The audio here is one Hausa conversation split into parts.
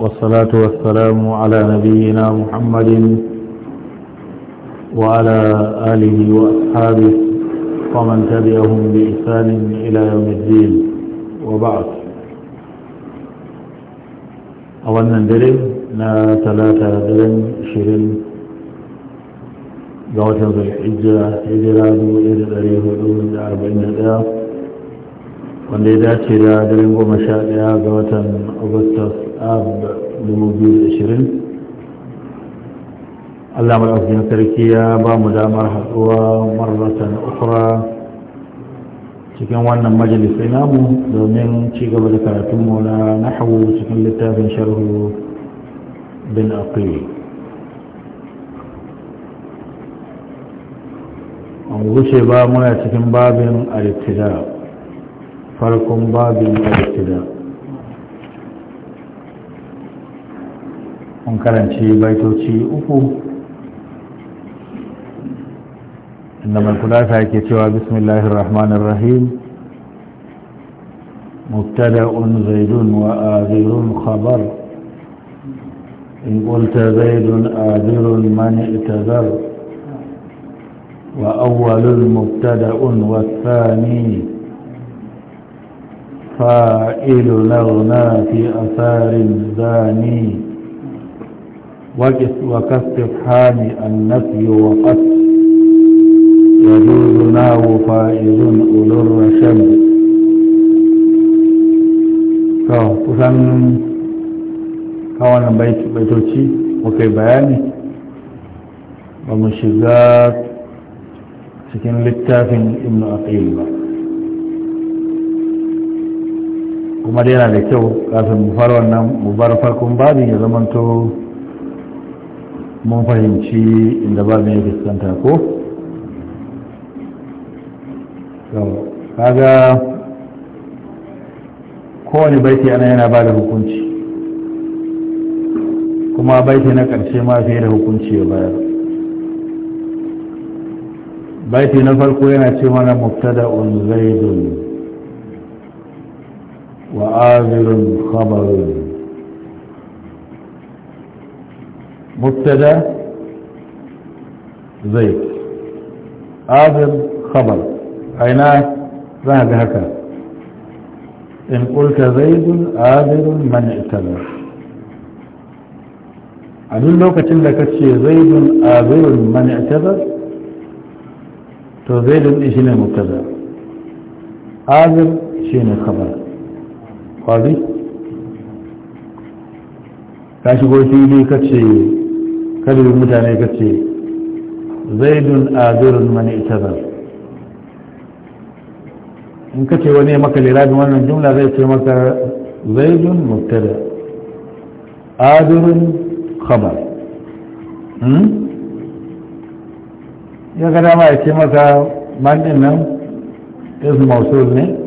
والصلاة والسلام على نبينا محمد وعلى آله وأصحابه ومن تبعهم بإحسان إلى يوم الدين وبعد أولا درم نا ثلاثة درم شرم قوة ذو الحجة هجران وإذ أريه الأول أربعين دقيقة wanda ya dace da daren goma sha daya ga watan agustus ab 2020 allah maɗaukakin sarki ya ba mu damar haɗuwa marratan ukura cikin wannan majalisa namu domin ci gaba da karatunmu na nahawu cikin littafin sharhu bin aqil an wuce ba muna cikin babin al farkon babin al-ibtida mun karanci baitoci uku inda mai kudasa ake cewa "Bismillahi rahmanir rahim mubtada'un zaidun wa azirun khabar in qulta zaidun azirun man itazar wa awwalul mubtada'un wa thani فائل لغنا في أثار الزاني وكاستفحام النفي وقت يجوز ناو فائز أولو الرشد kusan kawanan baitoci muka yi bayani ba mu shiga cikin littafin ibn aqil ba kuma da yana da kyau kafin mu fara wannan mu bar farkon babi ya zamanto mun fahimci inda babin ya fuskanta ko kaga kowane baiti ana yana ba da hukunci kuma baiti na ƙarshe ma fiye da hukunci ya bayar baiti na farko yana ce mana mubtada'un zaidun وآخر خبر مبتدا زيد آخر خبر عيناه ذهب هكا إن قلت زيد آخر من اعتذر. عدل لو كتل لك الشيء زيد آخر من اعتذر. تو زيد إشنا مبتدا آخر شيء خبر kwazi ka shigo fili ka ce kalibin mutane ka ce zaidun azurin mani itazar in ka ce wani maka lirabin wannan jumla zai ce maka zaidun mubtada azurin khabar hmm? ya ga dama ya ce maka man nan ismausul ne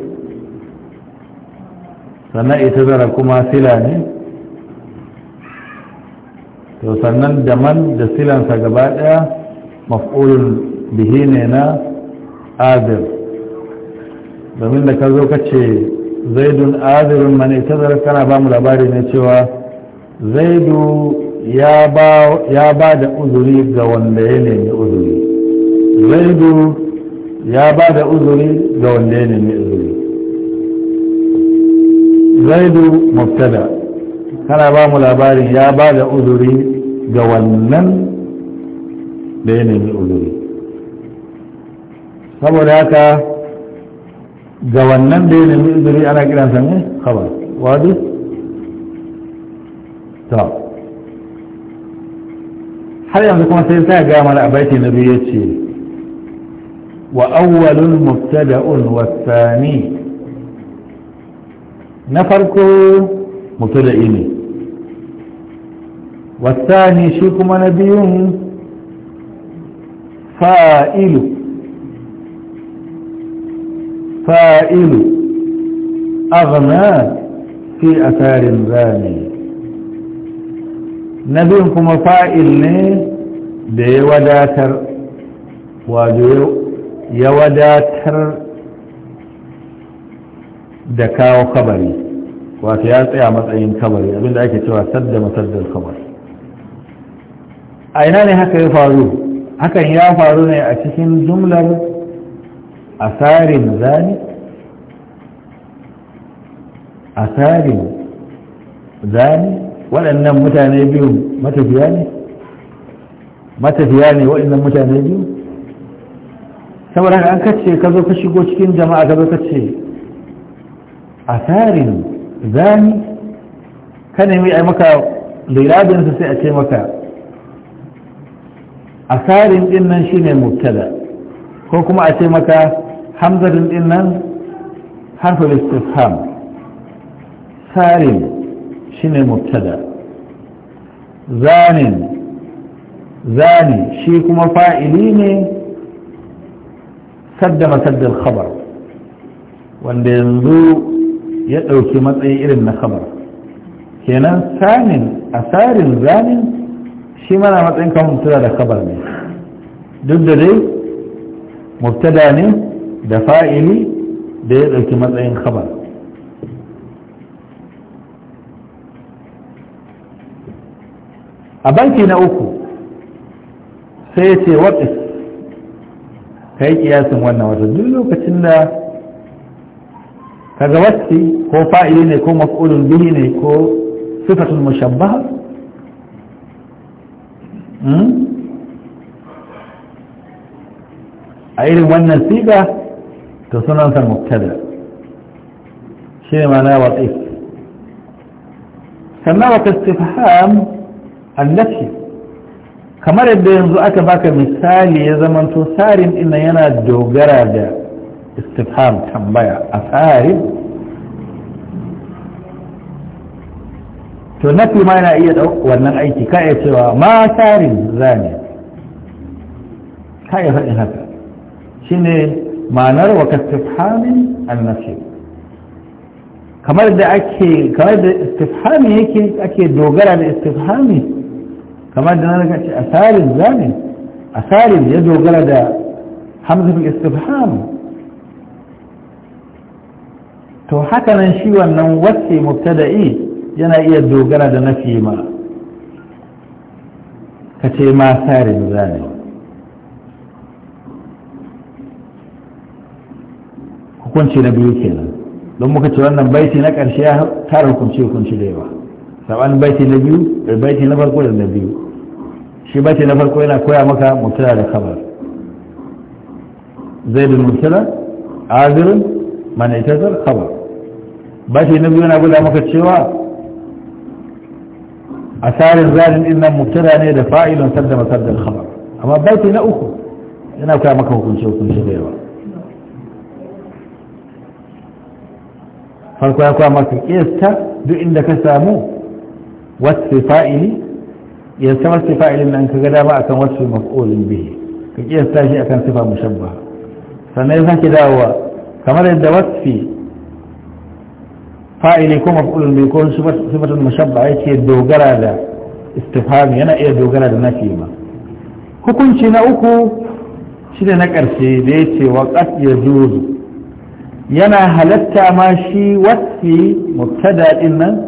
sannan ita zara kuma sila ne to sannan da man da silansa gaba daya maf'ulun bihi ne na azir domin da ka zo ka ce zaidun azirun man ita zara kana ba mu labari ne cewa zaidu ya ba da uzuri ga wanda ya nemi uzuri zaidu ya ba da uzuri ga wanda ya nemi uzuri زيد مبتدا انا بام لاباري يا بعد عذري جوانن بين الاذري خبر هكا جوانن بين الاذري انا كده سامي خبر واضح تمام هل يمكن كما سيدنا جامع لأبيت النبي يتشير وأول مبتدا والثاني na farko mutula'i ne wasani shi kuma na biyun fa'ilu fa'ilu aghna fi asarin zane na biyun kuma fa'il ne da ya wadatar wajo ya wadatar da kawo kabari wato ya tsaya matsayin kabari abinda ake cewa sadda masaddar kabar a ina ne haka ya faru hakan ya faru ne a cikin jumlar asarin zani asarin zani waɗannan mutane biyu matafiya ne matafiya ne waɗannan mutane biyu saboda haka an kace ka zo ka shigo cikin jama'a ka zo ka ce asarin zani ka nemi a maka liradinsa sai a ce maka a asarin din nan ne mutada, ko kuma a ce maka hamzarin din nan harfin istifham sarin ne mutada zanin zani shi kuma fa'ili ne sadda masaddar khabar wanda yanzu ya ɗauki matsayi irin na kamar kenan samin asarin zanin shi mana matsayin kamar mubtada da kabar ne duk da dai mubtada ne da fa'ili da ya ɗauki matsayin kabar a banki na uku sai ya ce waɗis ka yi kiyasin wannan wata duk lokacin da kaga wasi ko fa'ili ne ko maf'ulun bihi ne ko sifatun mushabbaha hmm? a irin wannan siga to sunansa muktada shi ne mana watsif sannan wata istifham annafi kamar yadda yanzu aka baka misali ya zamanto sarin ina yana dogara da istifham tambaya a tsarin to nafi ma yana iya wannan aiki ka iya cewa ma tsarin ne ka iya faɗin haka shi shine ma'anar wa kastifhamin annafi kamar da ake kamar da istifhami yake ake dogara da istifhami kamar da na ce asarin zane tsarin ya dogara da hamzatul istifham to haka nan shi wannan wasi mubtada'i yana iya dogara da nafi ma ka ce ma sare zane. hukunci na biyu kenan don muka ce wannan baiti na ƙarshe ya tara hukunci hukunci da yawa sabanin baiti na biyu da eh, baiti na farko da na biyu shi baiti na farko yana koya maka mubtada da kabar zaidul mubtada mana ita itazar kabar bashi na biyu na guda maka cewa asarin zalin din nan mubtada ne da fa'ilun sadda masaddal khabar amma baiti na uku yana kawo maka hukunce hukunce da yawa farko ya kawo maka kiyasta duk inda ka samu wasu fa'ili ya sama su fa'ilin nan ka ga dama akan wasu maf'ulin bihi ka kiyasta shi akan sifa mushabba sannan ya sake dawowa kamar yadda wasfi fa'ili ko maf'ulun bi ko sifatun mashabba yake dogara da istifham yana iya dogara da nafi ma hukunci na uku shi da na ƙarshe da ya ce wa ƙas ya juzu yana halatta ma shi wasfi mubtada din nan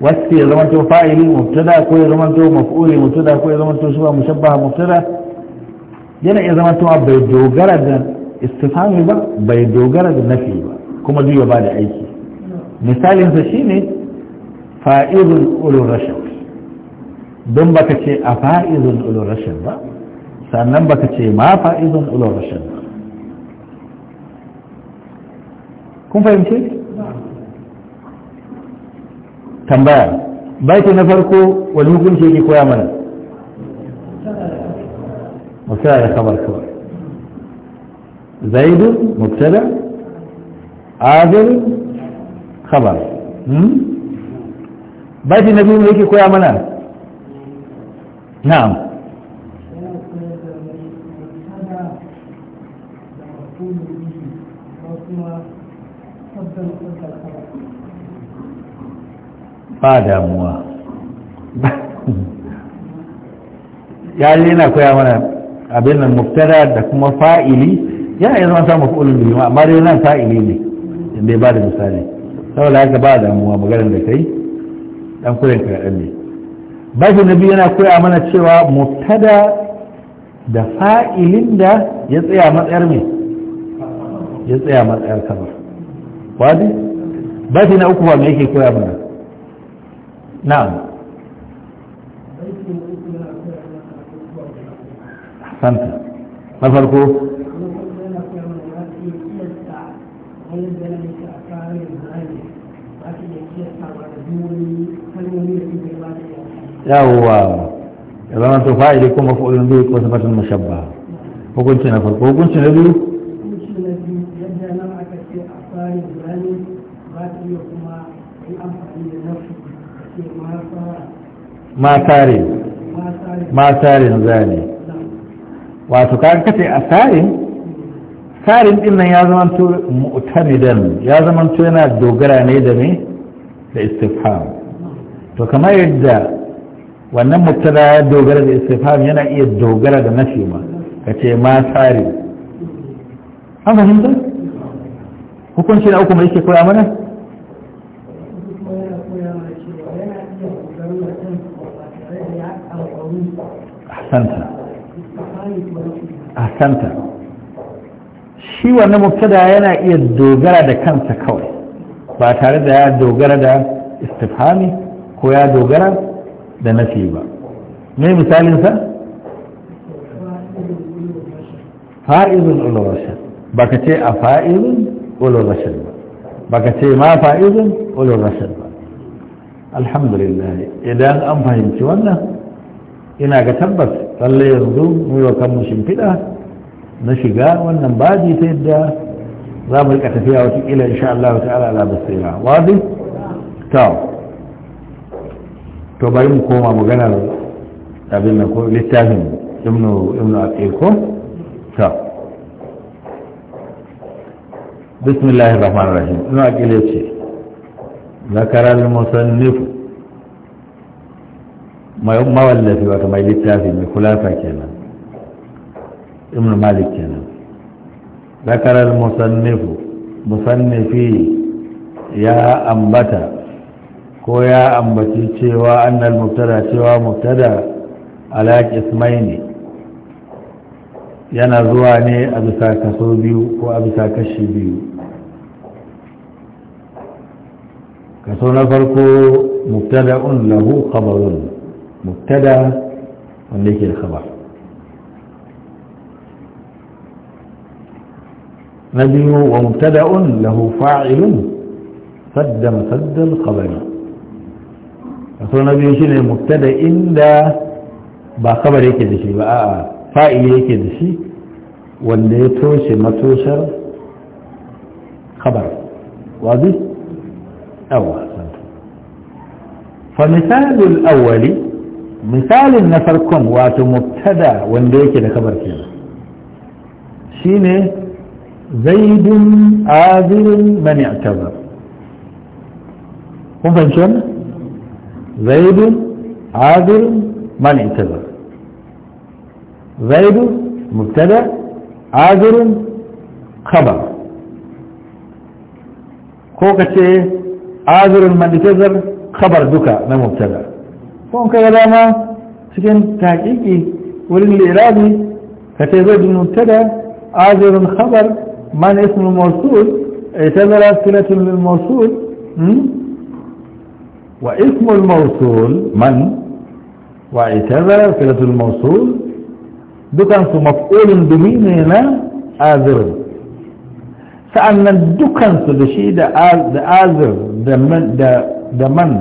wasfi ya zamanto fa'ili mubtada ko ya zamanto maf'uli mubtada ko ya zamanto shuba mushabbaha mubtada yana iya zamanto bai dogara da istifhami ba bai dogara da nafi ba kuma zuwa ba da aiki Misalin sa shine fa'izun ulul rashad don baka ce a fa'izun ulul rashad ba sannan baka ce ma fa'izun ulul rashad ba kun fahimce tambaya baiti na farko wani hukunci yake koya mana mutara da kamar kawai Zaidu, mutara adil khabar hmm? baiti na biyu yake koya mana na'am ba damuwa ya yi na koya mana abin nan muftada da kuma fa'ili ya yi zama samun fa'ulun biyu amma dai nan fa'ili ne da ya ba da misali saboda haka ba damuwa maganar da kai dan kuren ka dan ne bashi na biyu yana koya mana cewa mubtada da fa'ilin da ya tsaya matsayar me ya tsaya matsayar kama wadi bashi na uku ba me yake koya mana na'am santa na farko yawwa ya zama to fa'ili kuma fa'ulun biyu ko sabatun mashabba hukunci na farko hukunci na biyu ma tare ma na zane wato ka kace a tsarin tsarin din nan ya zama to mu'tamidan ya zama to yana dogara ne da me da istifham to kamar yadda wannan mubtada ya dogara da istifham yana iya dogara da nafi ma kace ma tsari an fahimta hukunci na uku mai yake koya mana ahsanta ahsanta shi wannan mubtada yana iya dogara da kansa kawai ba tare da ya dogara da istifhami ko ya dogara da nafi ba mai misalinsa fa'izun ulurashin ba ka ce a fa'izun ulurashin ba ba ka ce ma fa'izun ulurashin ba alhamdulillah idan an fahimci wannan ina ga tabbas tsalle yanzu mu yi wa kanmu shimfiɗa na shiga wannan baji ta yadda za mu rika tafiya watakila insha Allah ta'ala ala basira wadi ta to bari mu koma gana abin da ko littafin ibnu ibnu aqiko ta bismillahir rahmanir rahim ina aqile ce zakara al musannif mawallafi wata mai littafi mai kulafa kenan ibnu malik kenan ذكر المصنف مصنفي ya ambata ko ya ambaci cewa annal muftada cewa mubtada ala qismaini yana zuwa ne a bisa kaso biyu ko a bisa kashi biyu kaso na farko mubtada'un lahu khabarun mubtada wanda yake da khabar نجم ومبتدا له فاعل سد مسد الخبر يقول النبي شنو مبتدا ان ذا با خبر يكي دشي با فاعل يكي دشي واللي توشي متوشر خبر واضح اول سنة. فمثال الاول مثال النفركم واتو مبتدا واللي يكي خبر كذا شنو زيد عاذر من اعتذر هم فانشان زيد عاذر من اعتذر زيد مبتدا عاذر خبر كوكتي عاذر من اعتذر خبر دكا ما مبتدا فهم ما سكن تحقيقي وللإرادي فتزوج المبتدا عاذر خبر من اسم الموصول اعتبر صلة للموصول واسم الموصول من واعتبر صلة الموصول دكان سو مفعول به من آذر سأن دكان سو دشي دا آذر دا من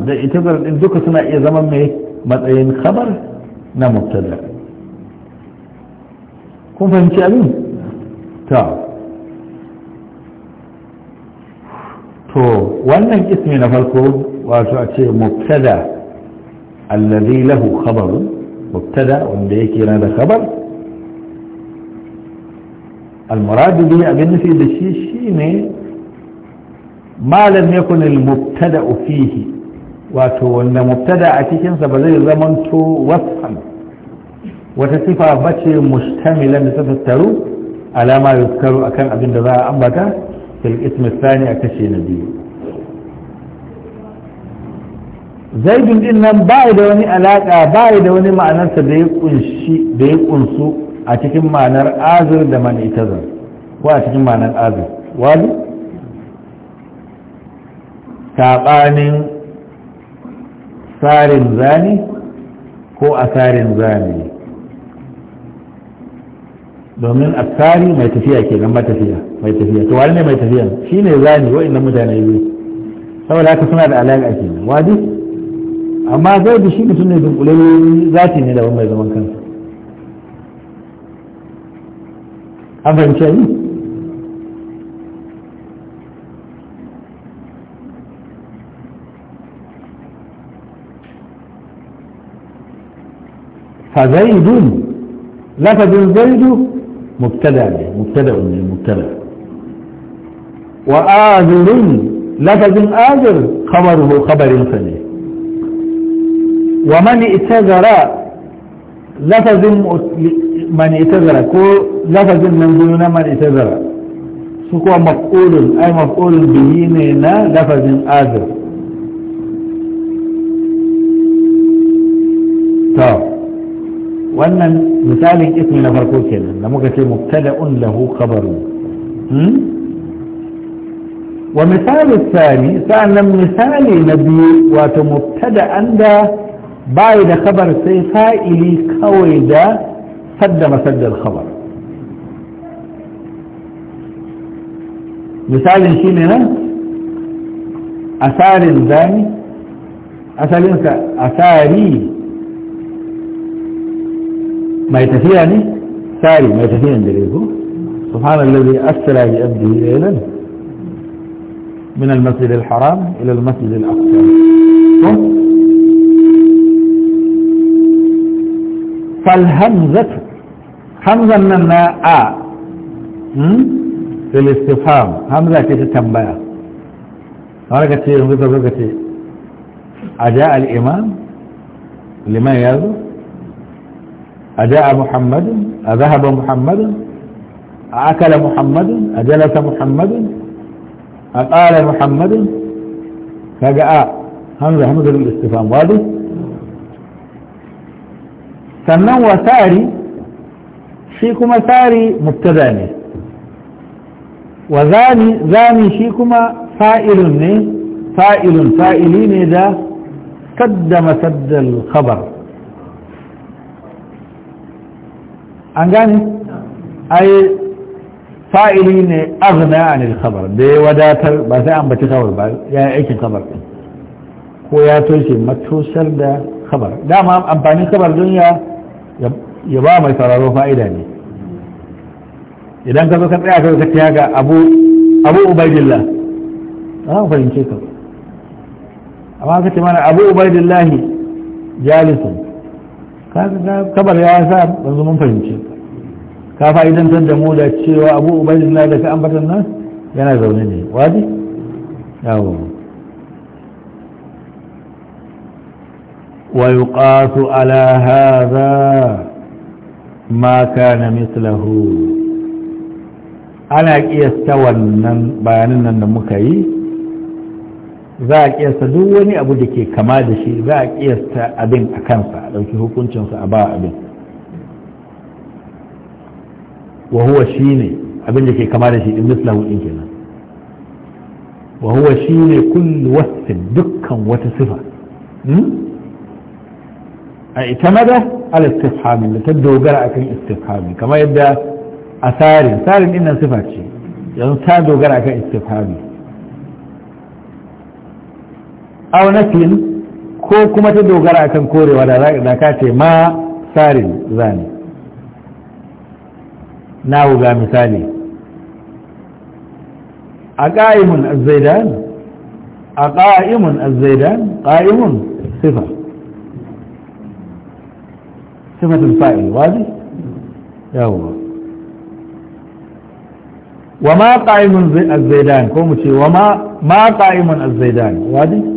دا اعتبر ان دكان سنا اي زمن مي إيه؟ مطعين خبر نمبتدا نعم، كن فهمتي أبي؟ تعال طيب. to wannan ismi na farko wato a ce mubtada alladhi lahu khabar mubtada wanda yake na da khabar المراد به أبن في ما لم يكن المبتدأ فيه واتو أن مبتدأ تيكين سبزي زمن تو وصفا وتصفى بشي مشتملا لتفتروا على ما يذكر أكان أبن دراء أمبتا في الاسم الثاني أكشي نبيه zai bin din nan ba da wani alaka ba da wani ma'anar da ya kunshi da kunsu a cikin ma'anar azur da man itazar ko a cikin ma'anar azur wani tabanin sarin zani ko asarin zani domin asari mai tafiya ke nan matafiya mai tafiya to wani ne mai tafiya shi ne zani wa'annan mutane biyu saboda haka suna da alaƙa ke nan wadi amma zai da shi mutum ne dunkule zati ne daban mai zaman kansa an fahimci yi fa zaidun lafazin zaidu مبتدا مبتدا مبتدا وآذر لفظ آذر خبره خبر فني ومن اعتذر لفظ من اعتذر كو لفظ من دون من اعتذر سكو مفعول أي مفعول به نينا لفظ آذر طب wannan misalin ismi na farko kenan da muka ce mubtada'un lahu khabaru wa misali sani sanan misali na biyu wato mubtada'an da bai da khabar sai fa'ili kawai da sadda masaddal khabar misalin shine nan asarin zani asalinsa asari ما يتفي يعني ساري ما يتفي عند ريكو سبحان الذي أسرى بأبده ليلا من المسجد الحرام إلى المسجد الأقصى فالهمزة همزة من الناء في الاستفهام همزة كيف تنبأ أنا كتير مثل أجاء الإمام لما يذكر أجاء محمد أذهب محمد أكل محمد أجلس محمد أقال محمد فجاء همزة همزة الاستفام وادي سنوى وساري شيكما ساري مبتداني وذاني ذاني شيكما فائلني فائل فائليني ذا قدم سد الخبر an gane ai fa'ili ne aghna anil khabar da ya wadatar ba sai an kabar ba ya aikin khabar ko ya toshe matosar da khabar dama amfani khabar don ya ba mai sauraro fa'ida ne idan ka zo ka tsaya ka tsaya ga abu abu ubaidillah an fahimce ka amma ka ce mana abu ubaidillahi jalisun kabar ya sa yanzu mun fahimci ka fa'idantar da mu da cewa abu ubaidillah da ka ambatan nan yana zaune ne wadi yawo wa yuqasu ala hadha ma kana mithluhu ana kiyasta wannan bayanan nan da muka yi za a kiyasta duk wani abu da ke kama da shi za a kiyasta abin a kansa a ɗauki hukuncinsa a ba abin wa huwa shi ne abin da ke kama da shi in mislahu ɗin kenan wa huwa shi ne kullu wasu dukkan wata sifa hmm? a ita mada ala istifhamin da ta dogara akan istifhami kamar yadda a tsarin tsarin ɗin sifa ce yanzu ta dogara akan istifhami au ko kuma ta dogara akan korewa da ka ce ma tsarin zane na wuga misali a ƙa'imun azzaidan a ƙa'imun azzaidan ƙa'imun sifa sifatun fa'i wazi yawon wa ma ƙa'imun azzaidan ko mu ce wa ma ƙa'imun azzaidan wazi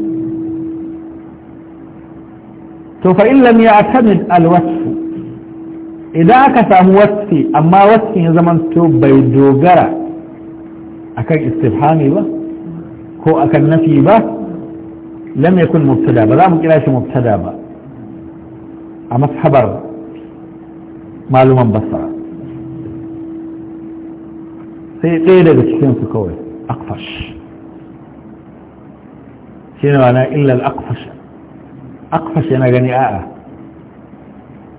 to fa illam ya'tamid alwasf idan aka samu wasfi amma wasfin ya zama to bai dogara akan istifhami ba ko akan nafi ba lam yakun mubtada ba za mu kira shi mubtada ba a mashabar maluman basara sai ɗaya daga cikinsu kawai akfash shi ne wana illa al-akfash akfas yana gani a'a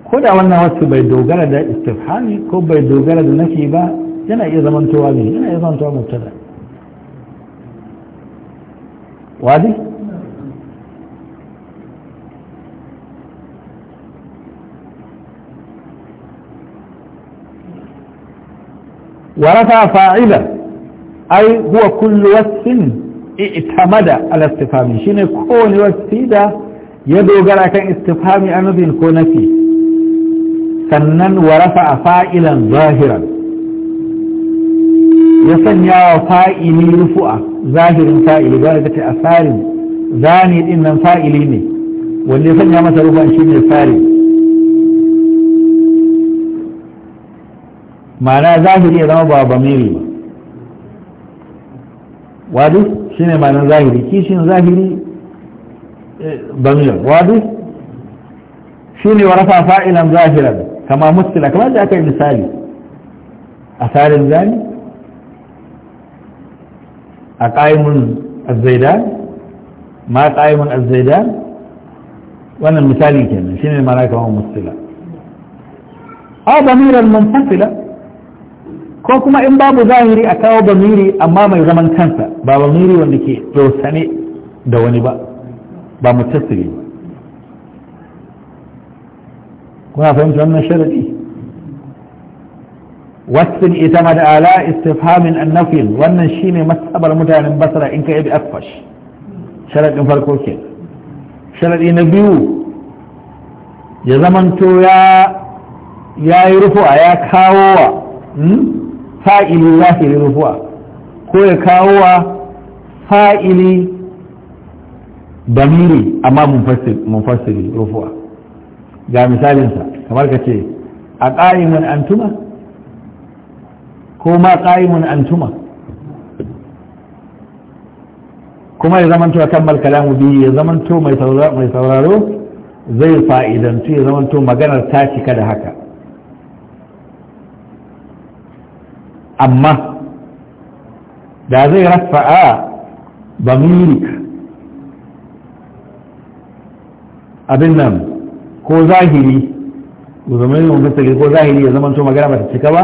ko da wannan wasu bai dogara da istifhami ko bai dogara da nafi ba yana iya zamantowa ne yana iya zamantowa mubtada wadi ورفع فاعلا أي هو كل وصف اعتمد على استفهامه شنو كون وصف ده ya dogara kan istifhami anubin ko nafi sannan wa rafa fa'ilan zahiran ya sanya wa fa'ili rufu'a zahirin fa'ili ba da ce a tsarin zani din nan fa'ili ne wanda ya sanya masa rufu'a shi ne tsarin ma'ana zahiri ya zama ba ba mere ba wadu shi ne ma'anar zahiri kishin zahiri ضمير واضح شيني ورفع aka ظاهرا كما مثل كما ذاك a أثار الزاني أقائم الزيدان ما قائم الزيدان وانا المثالي كان شيني الملائكة هو مثلا أو ضميرا منفصلا ko kuma in babu zahiri a kawo bamiri amma mai zaman kansa ba bamiri wanda ke dosane da wani ba ba mutasiri kuna fahimci wannan sharadi wasin ita ma da ala istifhamin annafil wannan shine masabar mutanen basra in ka yabi akfash sharadin farko ke sharadi na biyu ya zamanto ya ya yi rufuwa ya kawo wa hmm? fa'ili ya rufuwa ko ya kawo wa fa'ili damiri amma mun munfassiri rufu'a ga misalinsa kamar ka ce a ƙa'imun antuma ko ma ƙa'imun antuma kuma ya zamanto a kammal kalamu biyu ya zamanto mai sauraro zai fa'idantu ya zamanto maganar ta cika da haka amma da zai rafa'a bamirik abin nan ko zahiri zamanin mubtasili ko zahiri ya zama to magana ba ta cika ba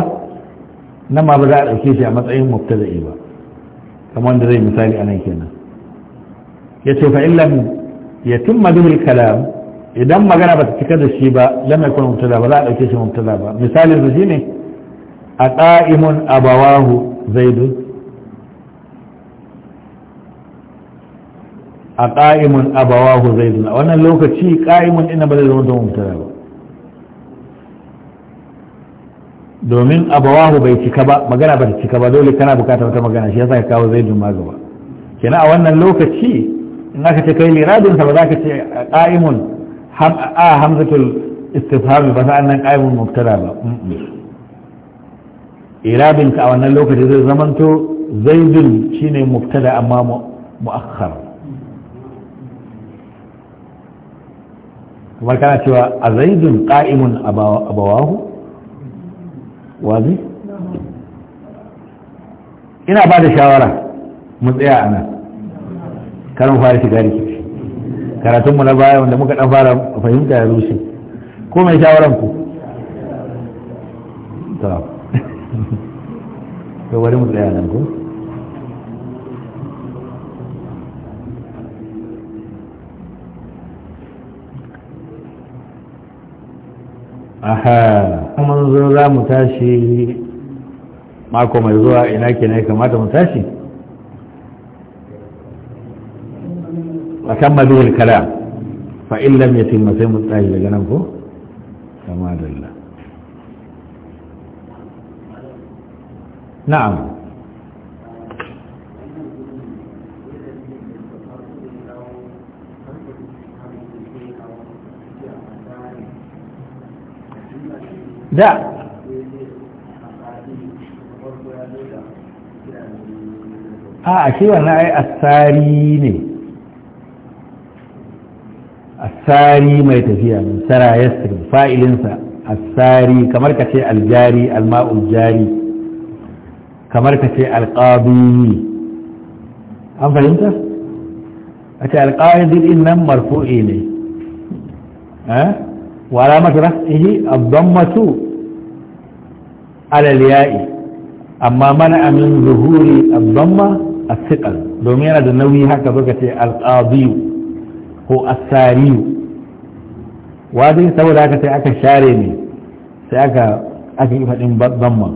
nan ma ba za a ɗauke shi a matsayin mubtada'i ba kamar wanda zai misali a nan kenan ya ce fa illam ya timma bihil kalam idan magana ba ta cika da shi ba lam yakun mubtada ba za a ɗauke shi mubtada ba misalin su shine a qa'imun abawahu zaidun a ƙa'imun abawahu zai zuna wannan lokaci ƙa'imun ina ba zai zama mubtada ba domin abawahu bai cika ba magana ba ta cika ba dole kana bukata wata magana shi yasa ka kawo zai ma gaba kenan a wannan lokaci in aka ce kai liradin sa ba za ka ce qa'imun a hamzatul istifham ba sa'an nan qa'imun mubtada ba iradin ka a wannan lokaci zai zamanto zaidun shine mubtada amma mu'akhkhar kuma kana cewa a zaidun ƙa'imun abawahu wazi ina ba da shawara mu tsaya a nan karin fara shiga rikici karatunmu na baya wanda muka ɗan fara fahimta ya rushe ko mai shawaran ku to bari mu tsaya nan ko aha mun zo za mu tashi mako mai zuwa ina ke ne kamata mu tashi a kan maduwar kala fa'in lam ya tilma sai mu tsaye daga nan ko? kama da Allah na'am da a a shi wannan ai asari ne asari mai tafiya sara yasri fa'ilinsa asari kamar ka ce aljari alma'ul jari kamar ka ce alƙabi an fahimta a ce alƙa'idin nan marfu'i ne eh? wa alamatu rafihi masu. alal ya'i amma mana amin zuhuri abdamma a siƙal domin yana da nauyi haka suka ce alƙadiyu ko asariyu wajen saboda haka sai aka share ne sai aka aka yi faɗin bamman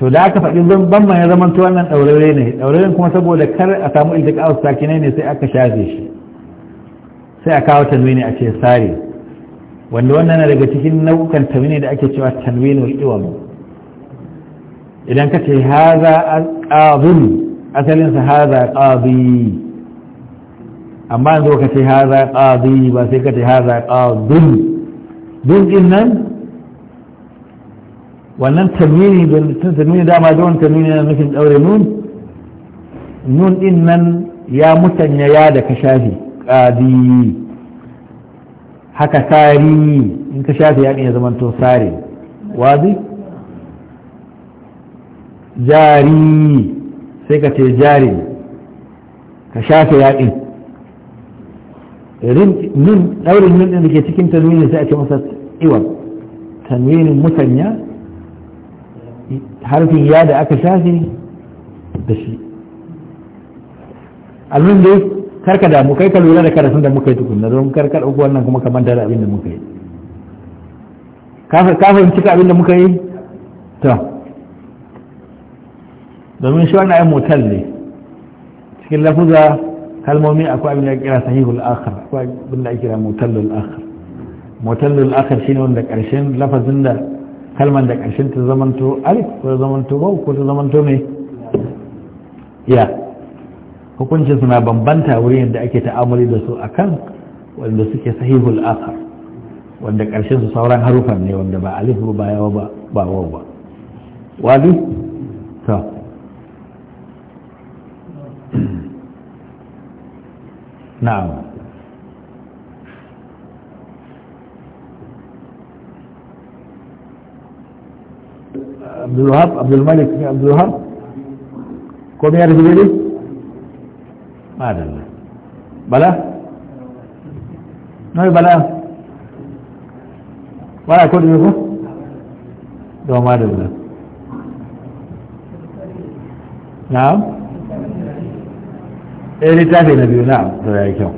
to da aka faɗi bamman ya zama wannan ɗaurare ne ɗauraren kuma saboda kar a samu iltiƙa sakinai ne sai aka shafe shi sai a kawo tanwini a ce sare wanda wannan na daga cikin nau'ukan tamini da ake cewa tanwinul iwam idan ka ce haza qadun asalin sa haza qadi amma yanzu ka ce haza qadi ba sai ka ce haza qadun dun din nan wannan tanwini don tun tanwini dama don tanwini na nufin daure nun nun din nan ya mutanya ya da ka shafi qadi haka sari in ka shafe yaƙin ya zamanto sari wazi jari sai ka ce jari ka shafe yaƙin rin ɗaurin ɗin da ke cikin tanwini sai a ce masa iwan tanwini musanya harfin ya da aka shafe da shi almin dai kar ka damu kai ka lura da karatun da muka yi tukunna don karka ka dauko wannan kuma ka manta da abin da muka yi ka fahimci ka abin da muka yi to domin shi wannan ai motar ne cikin lafuza kalmomi akwai abin da ya kira sahihul akhar akwai abin da ya kira motallul akhar motallul akhar shine wanda karshen lafazin da kalman da karshen ta zamanto alif ko ta zamanto ba ko ta zamanto ne ya hukuncin suna bambanta wurin yadda ake ta'amuli da su a kan wanda suke sahihul asar wanda ƙarshen su sauran harufan ne wanda ba alif ba yawa ba ba ba wali ta na'am Abdul Wahab Abdul ko me ya madalla bala mai bala bala ko e da yi da madalla na'am eh littafi na biyu na'am to kyau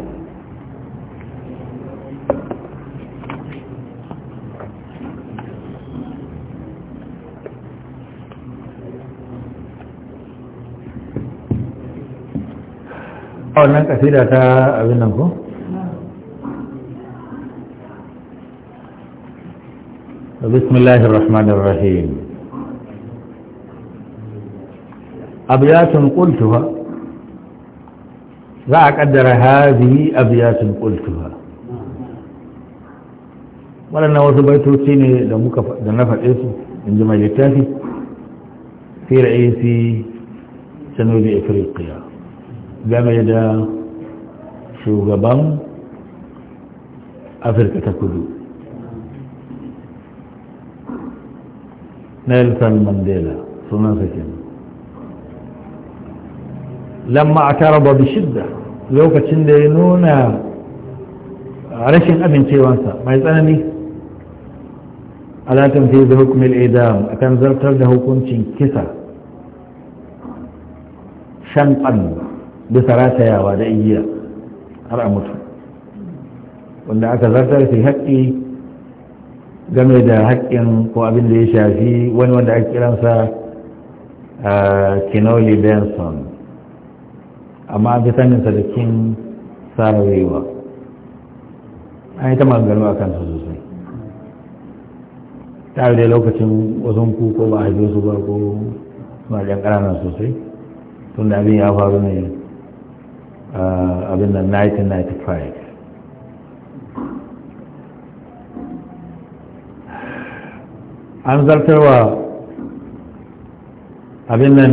wannan kasida ta abin nan ko? بسم الله الرحمن الرحيم أبيات قلتها لا أقدر هذه أبيات قلتها waɗannan wasu baitoci ne da muka da na faɗe su in ji mai littafi fi ra'isi sanuri afirka game da shugaban afirka ta kudu nelson mandela sunan sakin. lamma a tara babu shidda lokacin da ya nuna rashin amincewansa mai tsanani alatan fi da hukumar idam akan zartar da hukuncin kisa shan ƙanda bisa ratayawa da igiya har a mutu wanda aka zartar su haƙƙi game da haƙƙin ko abin da ya shafi wani wanda ake kiransa kinoli benson amma an fi saninsa da kin an yi ta maganganu a kansa sosai ta da lokacin wasan ku ko ba a haife su ba ko suna ɗan ƙananan sosai tun da abin ya faru ne abin nan 1995 an zartarwa abin nan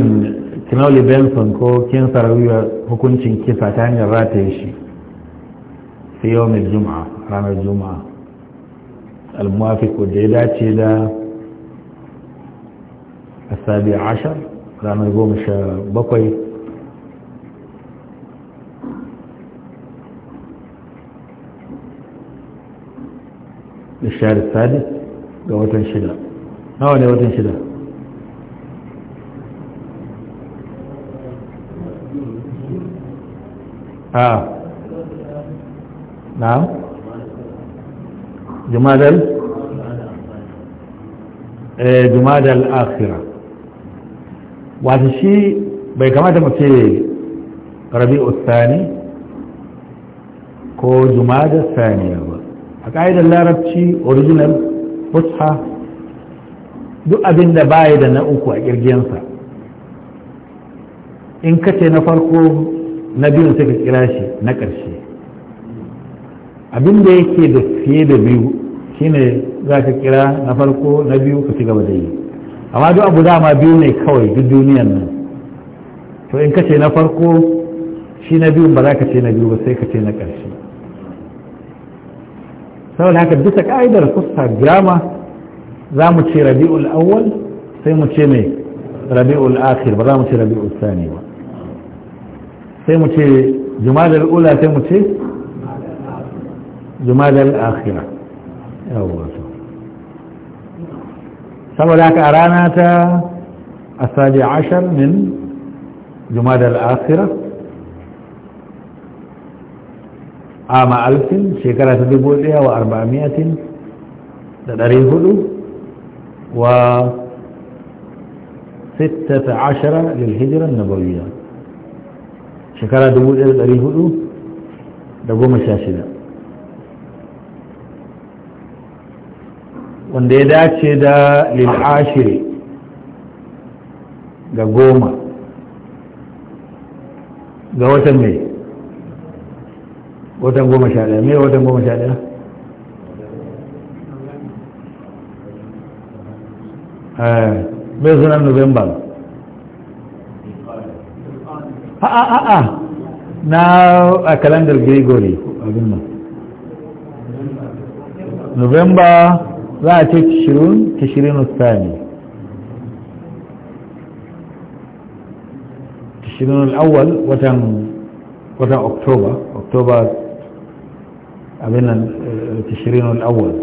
kinauli benson ko kin sarariya hukuncin kisa ta hanyar rataye shi fi yau mai juma'a ranar juma'a almuwafiku da ya dace da asabi ashar ranar goma sha bakwai الشهر الثالث جواتن شلا اه، ما هو جواتن شلا اه. ها نعم جماد ال اه، جماد الآخرة وهذا الشيء واتشي بيكمات مصير ربيع الثاني كو جمادى الثانية هو a ƙa'idar larabci original fusha duk abin da baya da na uku a ƙirgiyansa in ka ce na farko na biyu sai ka kira shi na ƙarshe abin da yake da fiye da biyu shine za ka kira na farko na biyu ka ci gaba da yi amma duk abu dama biyu ne kawai duk duniyan nan to in ka ce na farko shi na biyu ba za ka ce na biyu ba sai ka ce na ƙarshe فأول هكا بديتك قاعدة لقصة الجامعة رامتشي ربيع الأول سيمتشي مي ربيع الآخر برامتشي ربيع الثاني سيمتشي جمال الأولى سيمتشي جمال الآخرة أولا سأول هكا أرانا تا عشر من جمال الآخرة Ama alfin shekara ta dubu daya wa arba'amiyatin da ɗari hudu wa sittata ashara lil na nabawiya shekara dubu daya da ɗari hudu da goma sha shida wanda ya dace da ashiri ga goma ga watan mai watan goma sha ɗaya me watan goma sha ɗaya me sunan november a a a na a kalandar gregory abin nan november za a ce kishirin kishirin ustani kishirin al'awwal watan watan october october abin nan eh, tishirin al'awwal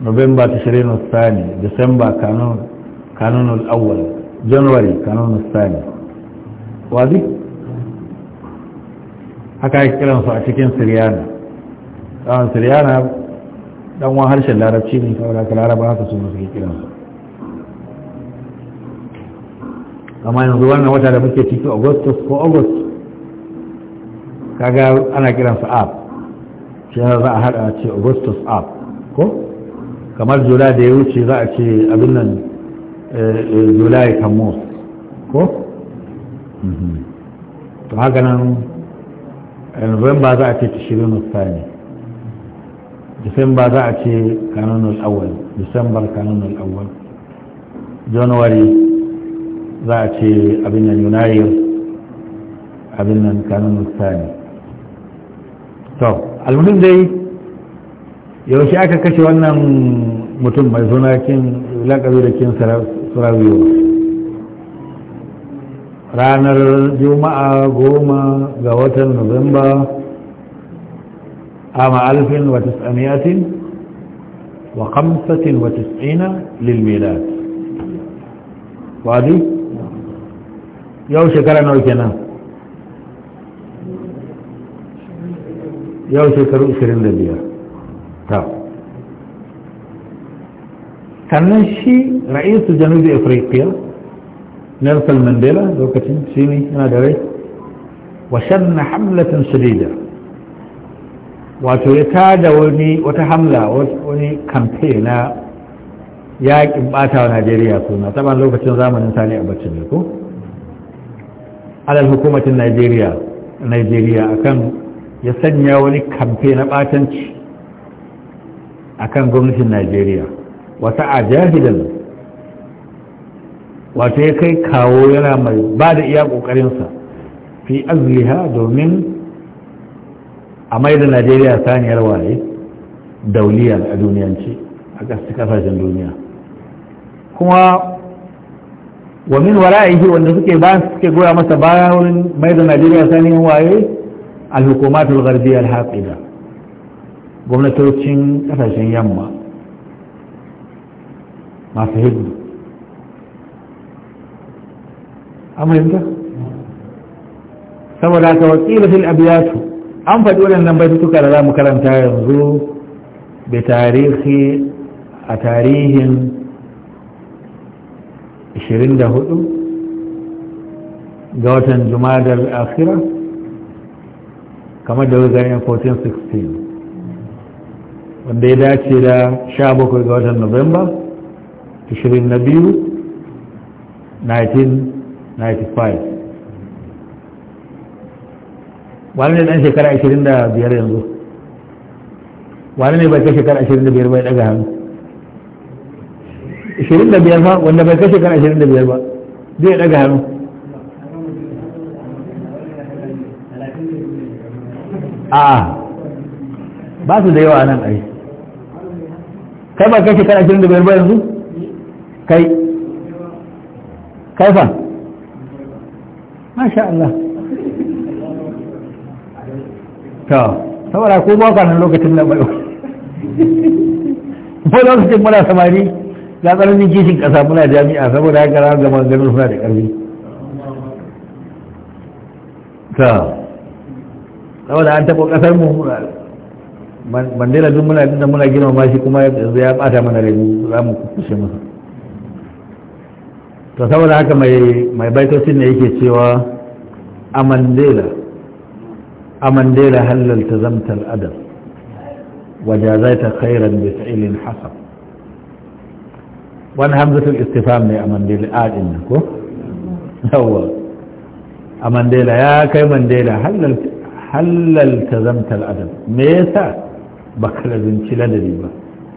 november tishirin al'asani december kanun al'awwal january kanun al'asani wazi haka kiran su a cikin siriyana ɗan ah, siriyana ɗan wani harshen larabci ne saboda ka laraba haka su suke kiransu amma yanzu wannan wata da muke ciki augustus ko august kaga ana kiransu app shi za a haɗa ce augustus up ko kamar july da ya wuce za a ce abin nan eh, eh, july camus ko mhm. to haka nan eh, november za a ce shirin sani december za a ce kanunul awal december kanunul awal january za a ce abin nan yunayir abin nan kanunul sani to almuhim dai yaushe aka kashe wannan mutum mai suna kin lakabi da kin sarawiyo ranar juma'a goma ga watan nuwamba عام ألف وتسعمائة وخمسة وتسعين للميلاد yau shekara شكرا kenan. yau shekaru 25 ta sannan shi ra'isu janubi afirka nelson mandela lokacin shi ne yana da rai washanna hamlatin shadida wato ya tada wani wata hamla wani kamfe na yaƙin bata wa najeriya suna taban lokacin zamanin sani a bacci ne ko alal hukumatin najeriya najeriya akan ya sanya wani kamfe na batanci kan gwamnatin najeriya wata a jahidan wata ya kai kawo yana mai ba da iya ƙoƙarinsa fi azliha domin a mai da najeriya saniyar waye dauliya a duniyanci a kasashen duniya kuma wa min wanda suke ba suke goya masa bayan wurin mai da najeriya saniyar waye al-hukumatul gharbiyya al-haqida gwamnatocin kasashen yamma masu hibdu amurka saboda haka wakila fil abiyatu an faɗi waɗannan baitutuka da za mu karanta yanzu da tarihi a tarihin 24 ga watan da akhirah kamar da wazayen 1416 wanda ya dace da 17 ga watan novemba 22 1995 wani ne dan shekara 25 yanzu wani ne bai kai shekara 25 bai daga hannu 25 fa wanda bai kai shekara 25 ba zai daga hannu a ba su da yawa nan ai kai ba kai shekara 25 ba yanzu kai kai fa masha Allah ta saboda ko ba kana lokacin nan bai ko lokacin muna samari ni ji shin kasa muna jami'a saboda haka ran ga ganin suna da karfi ta saboda an taɓa ƙasar mu Mandela duk muna da muna gina ma shi kuma yanzu ya ɓata mana rai za mu kushe masa to saboda haka mai mai baitocin ne yake cewa a mandela a mandela halalta zamtar adam wajazaita khairan bi fi'lin hasan wani hamzatul istifam ne a mandela a ko yawa a mandela ya kai mandela halalta halalta zamtar adam me yasa ba ka lazunci ladabi ba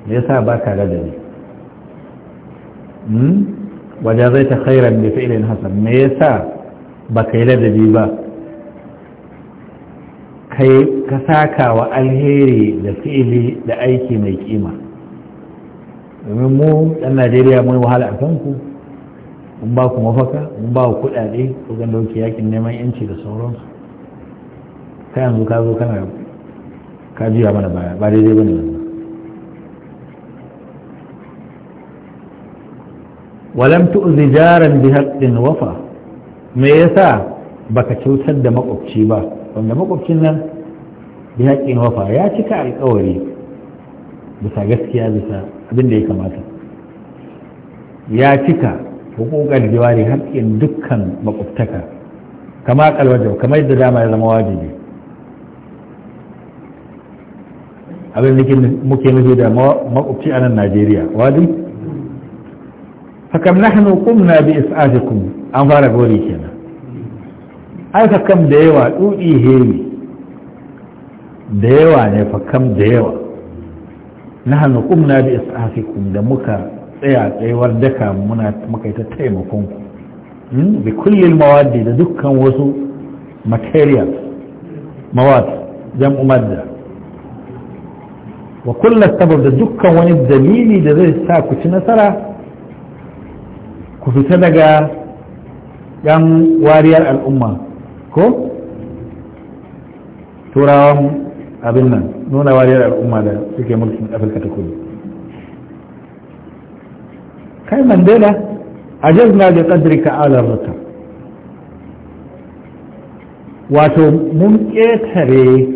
me yasa ba ka ladabi hmm? wajen zai ta khairan da fi'ilin hasan me yasa ba ka yi ladabi ba kai ka saka wa alheri da fi'ili da aiki mai kima domin mu ɗan najeriya mun wahala a kanku mun ba ku mafaka mun ba ku kuɗaɗe ku gan dauki yakin neman yanci da sauransu ka yanzu ka zo kana ka juya mana baya ba daidai bane wannan walam tu'zi jaran bi haqqin wafa me yasa baka cutar da makwabci ba wanda makwabcin nan bi haqqin wafa ya cika alƙawari bisa gaskiya bisa abin da ya kamata ya cika hukukar jiwari haƙƙin dukkan makwabtaka kama kalwajau kamar yadda dama ya zama wajibi abin da muke nufi da makwabci a nan najeriya wadi fakam nahnu qumna bi is'atikum an fara gori kenan ai fakam da yawa dudi heri da yawa ne fakam da yawa nahnu qumna bi is'atikum da muka tsaya tsayuwar daka muna muka yi ta taimakon ku hmm? bi kullil mawaddi da dukkan wasu materials mawad jam'u madda wa kulla sabab da dukkan wani dalili da zai sa ku ci nasara ku fita daga yan wariyar al'umma ko turawan abin nan nuna wariyar al'umma da suke mulkin afirka ta kudu kai mandela a jazna da ƙadirka alar rata wato mun ƙetare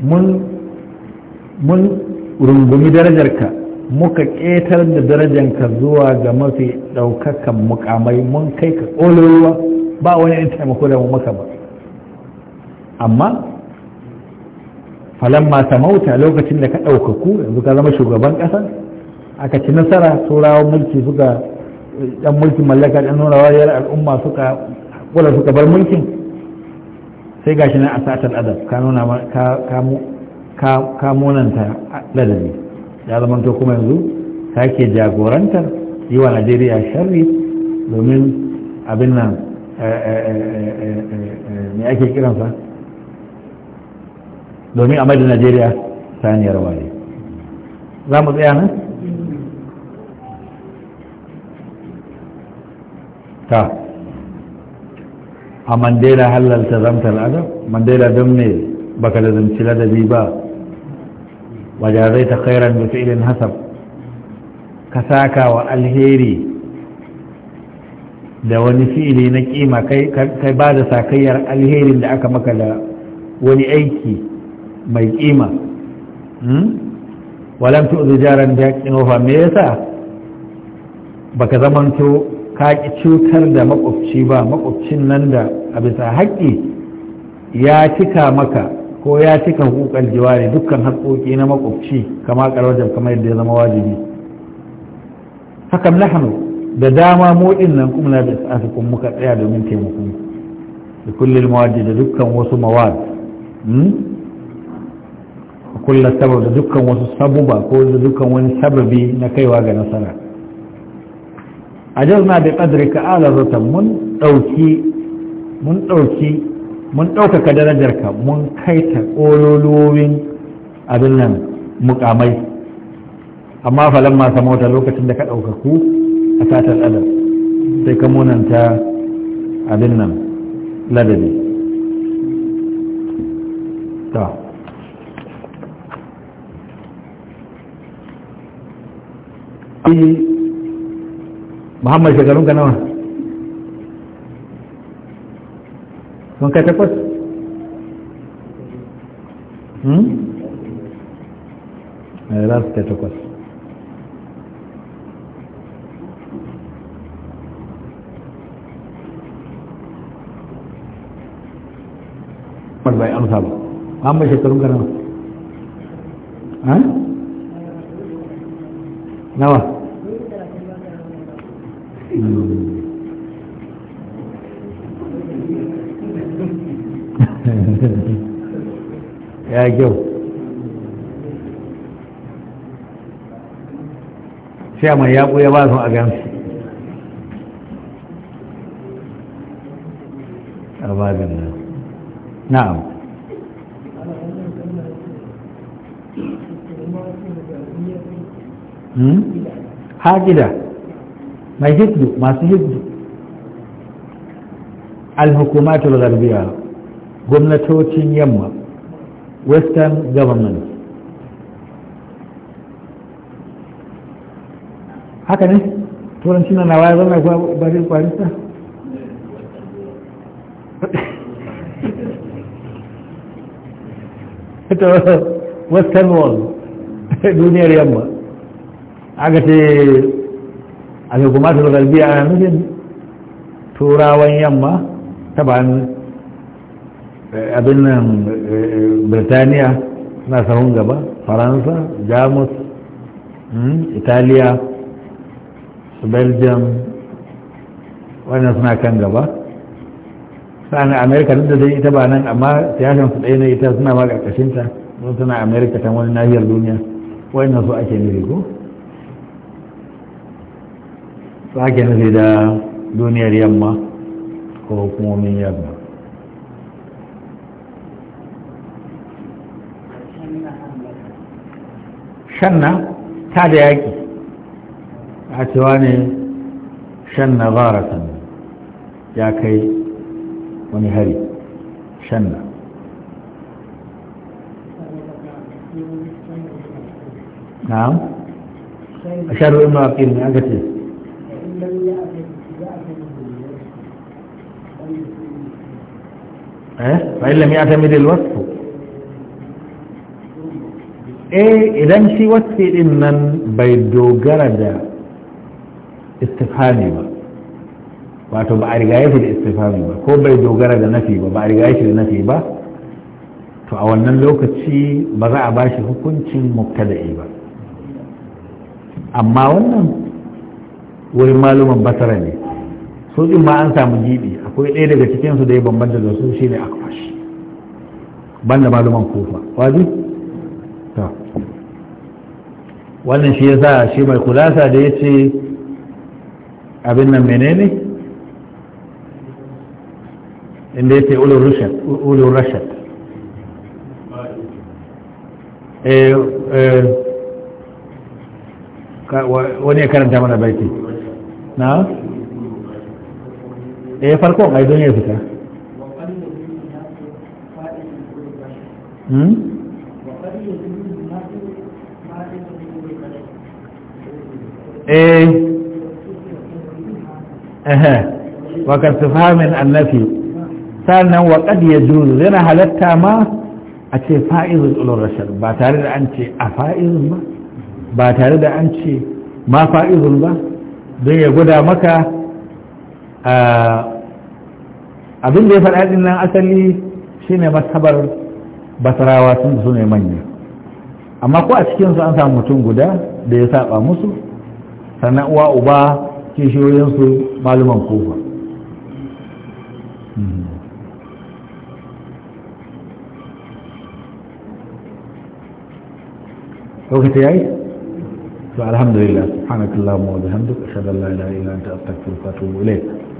mun mun rungumi darajarka muka ƙetar da darajanka zuwa ga mafi ɗaukakan mukamai mun kai ka ƙololuwa ba wani yin taimako da mu maka ba amma falon ta mauta lokacin da ka ɗaukaku yanzu ka zama shugaban ƙasa aka ci nasara turawan mulki suka ɗan mulkin mallaka ɗan nuna wariyar al'umma suka kula suka bar mulkin sai gashi nan a satar adab ka nuna ka ka munanta ladabi ya zama to kuma yanzu ke jagorantar yi wa najeriya sharri domin abin nan eh, eh, eh, mai ake kiransa domin a da najeriya ta hanyar waye za mu tsaya nan ta a mandela halalta zamtar adam mandela don me baka da zamci ladabi ba وجازيت خيرا بفعل حسب كساكا والهيري da wani fi'ili na kima kai kai ba da sakayyar alherin da aka maka da wani aiki mai kima walam tu zujaran da kinufa me yasa baka zamanto ka ki cutar da makwabci ba makwabcin nan da a bisa haƙƙi ya cika maka ko ya cika hukukan jiwari dukkan haƙoƙi na makwabci kama ƙarwajar kamar yadda ya zama wajibi hakan nahnu da dama mu din nan kuma na da kun muka tsaya domin taimako da kullum mawaji da dukkan wasu mawad hmm? kullum sabab da dukkan wasu sabuba ko da dukkan wani sababi na kaiwa ga nasara a jazna bi ka ala ratan mun dauki mun dauki mun ɗaukaka darajarka mun kai ta ƙololowin abin nan mukamai amma falon masu mota lokacin da ka ɗaukaku a satar adar sai ka munanta abin nan ladabi ta Muhammad shekarun ka nawa sun kai takwas mai hmm? eh, za su kai takwas bai amsa ba an bai shekarun ka nawa kyau sai mai yaƙo ya ba su a gansu arbabin nan na'am hmm? haƙida mai hiddu masu hiddu al-hukumatul garbiya gwamnatocin yamma western government haka ne turanci na nawa ya zama bari kwarista ta western world duniyar yamma aka ce a hukumatar galbiya a turawan yamma ta bayan abin nan eh, eh, birtaniya suna sahun gaba faransa jamus hmm, italiya belgium wannan suna kan gaba sa'an amerika duk da ita ba nan amma siyasan su ɗaya na ita suna ba ƙarƙashinta sun suna amerika ta wani nahiyar duniya wannan su ake nufi ko su ake nufi da duniyar yamma ko hukumomin yamma shanna ta da yaƙi a cewa ne shanna baratan ya kai wani hari shanna na'am a sharu ibn aqil ne aka ce eh fa illam ya'tamid al-wasf eh idan shi wasi din nan bai dogara da istifhami ba wato ba a riga shi da istifhami ba ko bai dogara da nafi ba ba a riga shi da nafi ba to a wannan lokaci ba za a ba shi hukuncin mubtada'i ba amma wannan wurin maluman basara ne su in ma an samu gibi akwai ɗaya daga cikinsu da ya bambanta da su shine akwashi banda maluman kufa wajibi wannan shi yasa shi mai kulasa da ya ce abin nan menene inda ya ce ulur rashad eh, eh, wani ya karanta mana baiki na eh farkon ai don ya fita hmm? eh eh wa annafi sannan wa ya yajuz yana halatta ma a ce fa'izul ulul rashad ba tare da an ce a fa'izul ba ba tare da an ce ma fa'izul ba don ya gwada maka abin da ya faɗa nan asali shine masabar basarawa sun su ne manya amma ko a cikinsu an samu mutum guda da ya saba musu sannan uwa uba kishiyoyinsu maluman kofa lokaci ya yi to alhamdulillah subhanakallah wa bihamdika ashhadu an la ilaha illa anta astaghfiruka wa atubu ilayk